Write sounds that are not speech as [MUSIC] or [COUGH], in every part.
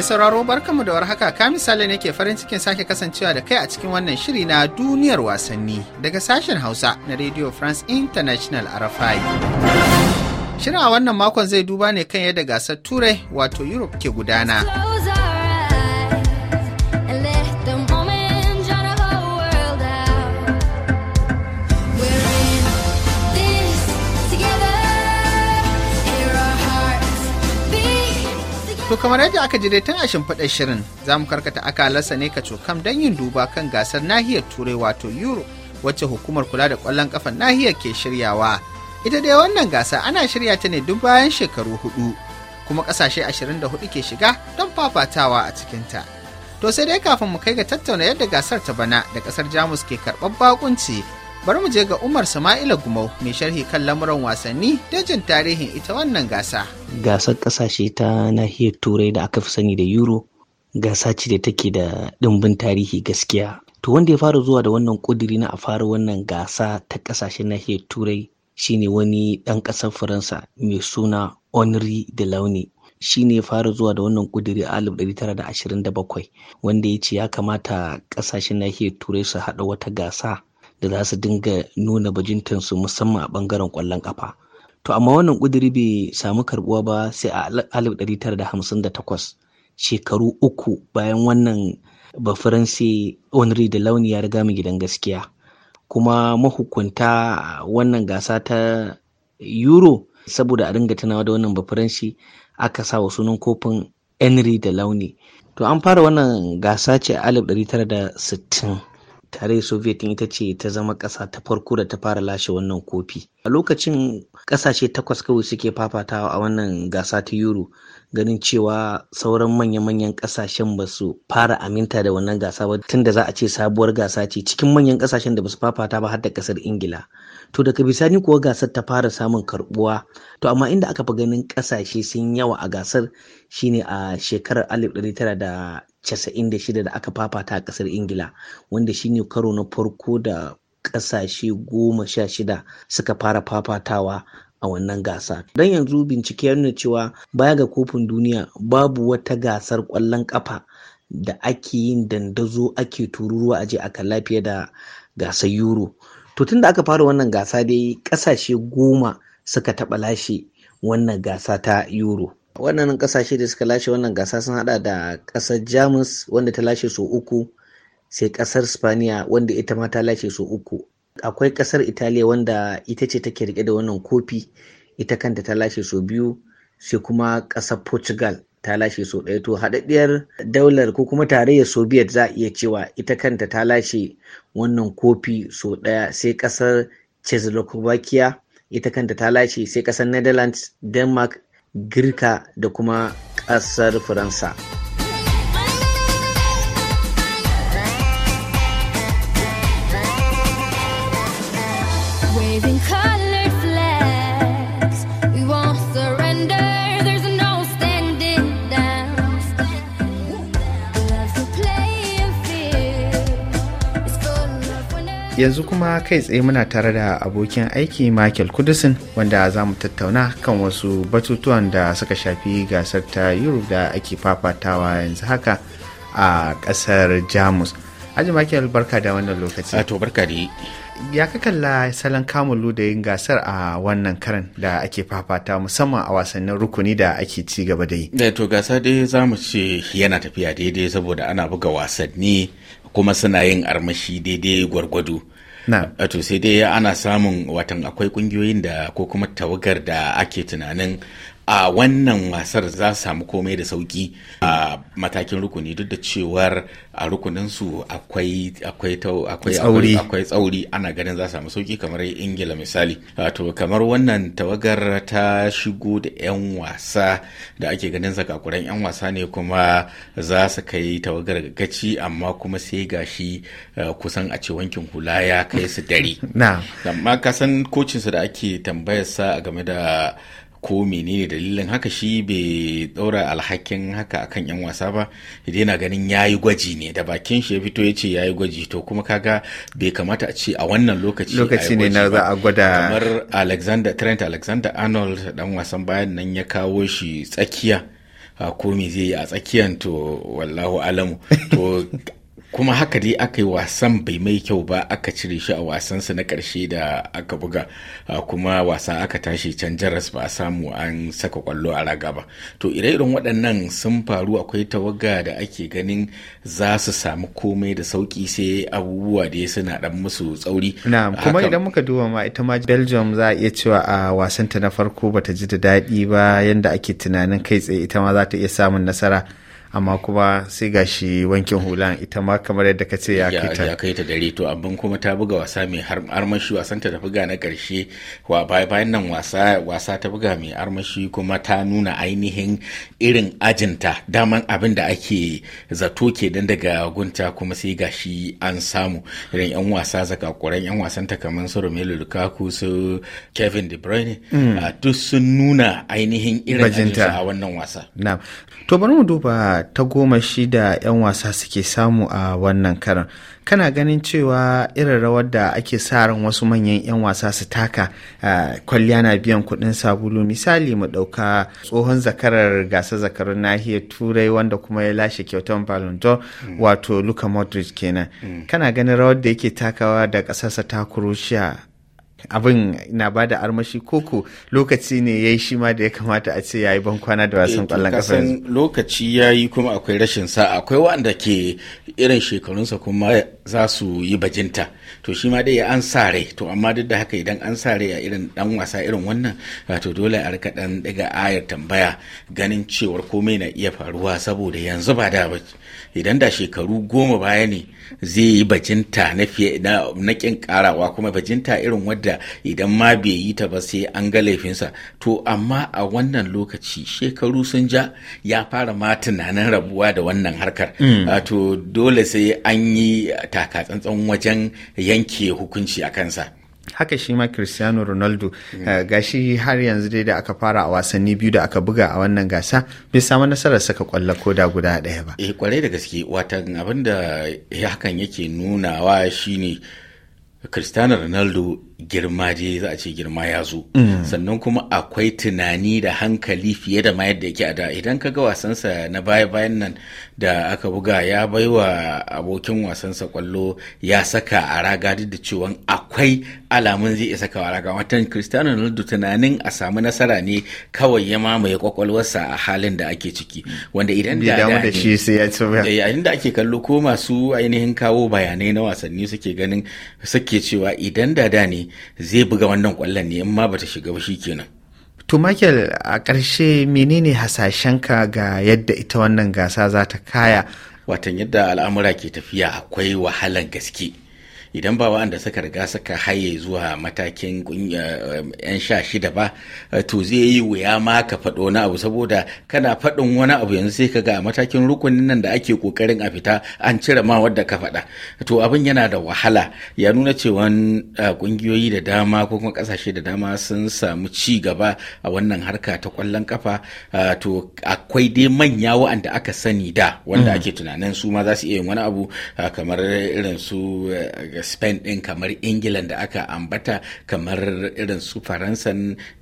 Mai sauraro barkanmu da warhaka ka misali ne ke farin cikin sake kasancewa da kai a cikin wannan shiri na duniyar wasanni daga sashen Hausa na Radio France International RFI. Shirin a wannan makon zai duba ne kan yadda gasar Turai wato Europe ke gudana. To kamar yadda aka ji dai tun a shimfiɗa shirin za mu karkata akalarsa ne ka cokam don yin duba kan gasar nahiyar turai wato euro wacce hukumar kula da ƙwallon ƙafan nahiyar ke shiryawa. Ita dai wannan gasa ana shirya ta ne duk bayan shekaru hudu kuma ƙasashe ashirin da hudu ke shiga don fafatawa a cikinta. To sai dai kafin mu kai ga tattauna yadda gasar ta bana da ƙasar Jamus ke karɓar bakunci bari mu je ga Umar Sama'ila Gumau mai sharhi kan lamuran wasanni dajin tarihin ita wannan gasa. Gasar ƙasashe ta nahiyar Turai da aka fi sani da Euro gasa ce da take da ɗimbin tarihi gaskiya. To wanda ya fara zuwa da wannan ƙudiri na a fara wannan gasa ta kasashen nahiyar Turai shine wani ɗan ƙasar Faransa mai suna Henri Launi." shi ne fara zuwa da wannan kudiri a 1927 wanda ya ce ya kamata kasashen nahiyar turai su haɗa wata gasa da za su dinga nuna bajintansu musamman a bangaren kwallon kafa to amma wannan ƙudiri bai samu karbuwa ba sai a 1958 shekaru uku bayan wannan bafaransi henri da launi ya riga mu gidan gaskiya kuma mahukunta wannan gasa ta euro saboda a dinga tunawa da wannan bafaransi aka sa wa sunan kofin henri da launi to an fara wannan gasa ce a 1960 tarayyar soviet ita ce ta zama ƙasa ta farko da ta fara lashe wannan kofi a lokacin ƙasashe takwas kawai suke fafatawa a wannan gasa ta euro ganin cewa sauran manya-manyan ƙasashen ba su fara aminta da wannan gasa ba tun da za a ce sabuwar gasa ce cikin manyan ƙasashen da ba su fafata ba har da ƙasar ingila to daga bisani kuwa gasar ta fara samun karbuwa to amma inda aka fi ganin ƙasashe sun yawa a gasar shine a shekarar da. 96 da aka fafata a kasar ingila wanda shine karo na farko da kasashe goma sha shida suka fara fafatawa a wannan gasa don yanzu bincike ya nuna cewa baya ga kofin duniya babu wata gasar kwallon kafa da ake yin dandazo ake tururuwa aje a kan lafiya da gasar euro to tun da aka fara wannan gasa dai kasashe goma suka taɓa lashe wannan gasa ta euro waɗannan ƙasashe da suka lashe wannan gasa sun hada da ƙasar jamus wanda ta lashe so uku sai ƙasar spaniya wanda ita ma ta lashe so uku akwai ƙasar italiya wanda ita ce take rike da wannan kofi ita kanta ta lashe so biyu sai kuma ƙasar portugal ta lashe so ɗaya to haɗaɗɗiyar daular ko kuma tarayyar soviet za a iya cewa ita kanta ta lashe wannan kofi so ɗaya sai ƙasar czechoslovakia ita kanta ta lashe sai ƙasar netherlands denmark girka da kuma ƙasar faransa yanzu kuma kai tsaye muna tare da abokin aiki michael kudusin wanda za mu tattauna kan wasu batutuwan da suka shafi gasar ta europe da ake fafatawa yanzu haka a kasar jamus aji michael barka da wannan lokaci to barka da yi. ya ka kalla salon kamun ludayin gasar a wannan karan da ake fafata musamman a wasannin rukuni da ake ci gaba da yi eh, to gasa dai za mu ce yana tafiya daidai saboda ana buga wasanni kuma suna yin armashi daidai gwargwado eh, to sai dai ana samun watan akwai kungiyoyin da ko kuma tawagar da ake tunanin a wannan wasar za su samu komai da sauki a matakin rukuni duk da cewar a rukuninsu akwai akwai tsauri ana ganin za su samu sauki kamar ingila misali wato kamar wannan tawagar ta shigo da 'yan wasa da ake ganin zakakuran 'yan wasa ne kuma za su kai tawagar gaci amma kuma sai gashi eh, kusan a ce wankin hula ya kai su dare [LAUGHS] amma kasan kocinsu da ake tambayarsa game da ko menene dalilin haka shi bai ɗora alhakin haka akan yan wasa ba idan yana ganin ya yi gwaji ne da bakin shi ya fito ya ce ya yi gwaji to kuma kaga bai kamata a ce a wannan lokaci lokaci ne na za a gwada kamar Alexander Trent Alexander Arnold dan wasan bayan nan ya kawo shi tsakiya a ko me zai yi a tsakiyan to wallahu alamu to [LAUGHS] kuma haka dai aka yi wasan bai mai kyau ba aka cire shi a wasansa na karshe da aka buga ah, kuma wasa aka tashi can jaras ba a samu an saka kwallo a raga ba to ire-iren waɗannan sun faru akwai tawaga da ake ganin za su samu komai da sauƙi sai abubuwa da suna ɗan musu tsauri na kuma idan muka duba ma ita ma belgium za a iya cewa a wasanta na farko bata ji da daɗi ba yanda ake tunanin kai tsaye ita ma za ta iya samun nasara amma kuma sai ga shi wankin hulan ita ma kamar yadda ka ce ya kai ta ya kai dare to abin kuma ta buga wasa mai armashi wasan ta ga na karshe wa bayan nan wasa wasa ta buga mai armashi kuma ta nuna ainihin irin ajinta daman abin da ake zato ke dan daga gunta kuma sai gashi shi an samu irin yan wasa zakakuran yan wasan ta kamar su Romelu Lukaku su Kevin De Bruyne mm. duk sun nuna ainihin irin ajinta a wannan wasa naam to bari mu duba ta goma shi da 'yan wasa suke samu a wannan karan kana ganin cewa irin rawar da ake sa ran wasu manyan 'yan wasa su taka kwalliya na biyan kudin sabulu misali mu dauka tsohon zakarar gasa zakarun nahiyar turai wanda kuma ya lashe kyautar ballon mm. wato luka modric kenan mm. kana ganin rawar da yake takawa da kasarsa ta kurushiya abin na ba da armashi koko lokaci ne ya yi shi ma da ya kamata a ce ya yi bankwana da wasan kwallon eh, kafa yanzu lokaci ya yi kuma akwai rashin sa akwai wanda ke irin shekarunsa kuma za su yi bajinta to shi ma dai ya an sa rai to amma duk da haka idan an sa rai a irin dan wasa irin wannan wato dole a rika dan daga ayar tambaya ganin cewar komai na iya faruwa saboda yanzu ba da idan da shekaru goma baya ne zai yi bajinta na fiye na kin karawa kuma bajinta irin wadda da idan ma bai yi ta ba sai an ga laifinsa to amma a wannan lokaci shekaru sun ja ya fara ma tunanin rabuwa da wannan harkar mm. to dole sai an yi taka tsantsan wajen yanke hukunci a kansa haka shi ma cristiano ronaldo mm. eh, gashi har yanzu dai da aka fara a wasanni biyu da aka buga a wannan gasa bai samu nasarar saka kwallo ko da guda ɗaya ba eh kwarai da gaske watan abin da hakan yake nunawa shine cristiano ronaldo girma je za a ce girma ya zo mm. sannan kuma akwai tunani da hankali fiye da ma yadda yake a da idan ka ga wasansa na baya bayan nan da aka buga ya baiwa abokin wasansa kwallo ya saka a raga duk da cewa akwai alamun zai saka a raga watan cristiano ronaldo tunanin a samu nasara ne kawai ya mamaye kwakwalwarsa a halin da ake ciki wanda idan da shi sai ya eh, da ake kallo ko masu ainihin kawo bayanai na wasanni suke ganin suke cewa idan da da ne zai buga wannan kwallon ne in ma bata shiga ba shikenan to Michael a ƙarshe menene hasashen ka ga yadda ita wannan gasa za ta kaya watan yadda al'amura ke tafiya akwai wahalan gaske idan ba wa'anda suka riga suka haye zuwa matakin eh, yan sha shida ba eh, to zai yi wuya ma ka faɗo wani abu saboda kana faɗin wani abu yanzu sai ka ga a matakin rukunin nan da ake ƙoƙarin a fita an cire ma wadda ka faɗa to abin yana da wahala ya nuna cewa ƙungiyoyi eh, da dama ko kuma ƙasashe da dama sun samu ci gaba a wannan harka ta ƙwallon kafa to akwai dai manya wa'anda aka sani da wanda mm. ake tunanin su ma za su iya yin wani abu kamar irin su daga spain din kamar england da aka ambata kamar irin su faransa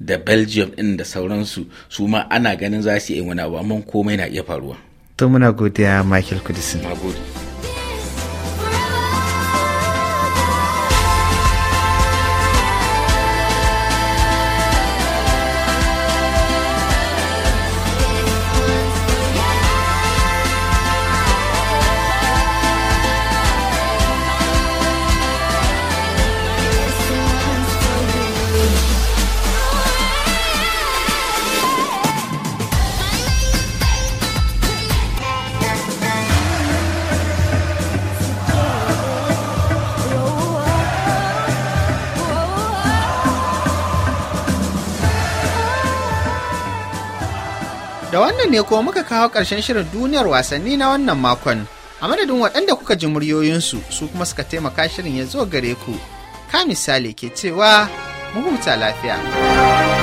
da belgium din da sauransu su ma ana ganin za su yi wani abu amma komai na iya faruwa to muna godiya michael kudisin Da wannan ne kuma muka kawo ƙarshen shirin duniyar wasanni na wannan makon. A madadin waɗanda kuka ji muryoyinsu su kuma suka taimaka shirin ya zo gare ku. Ka misali ke cewa mu huta lafiya.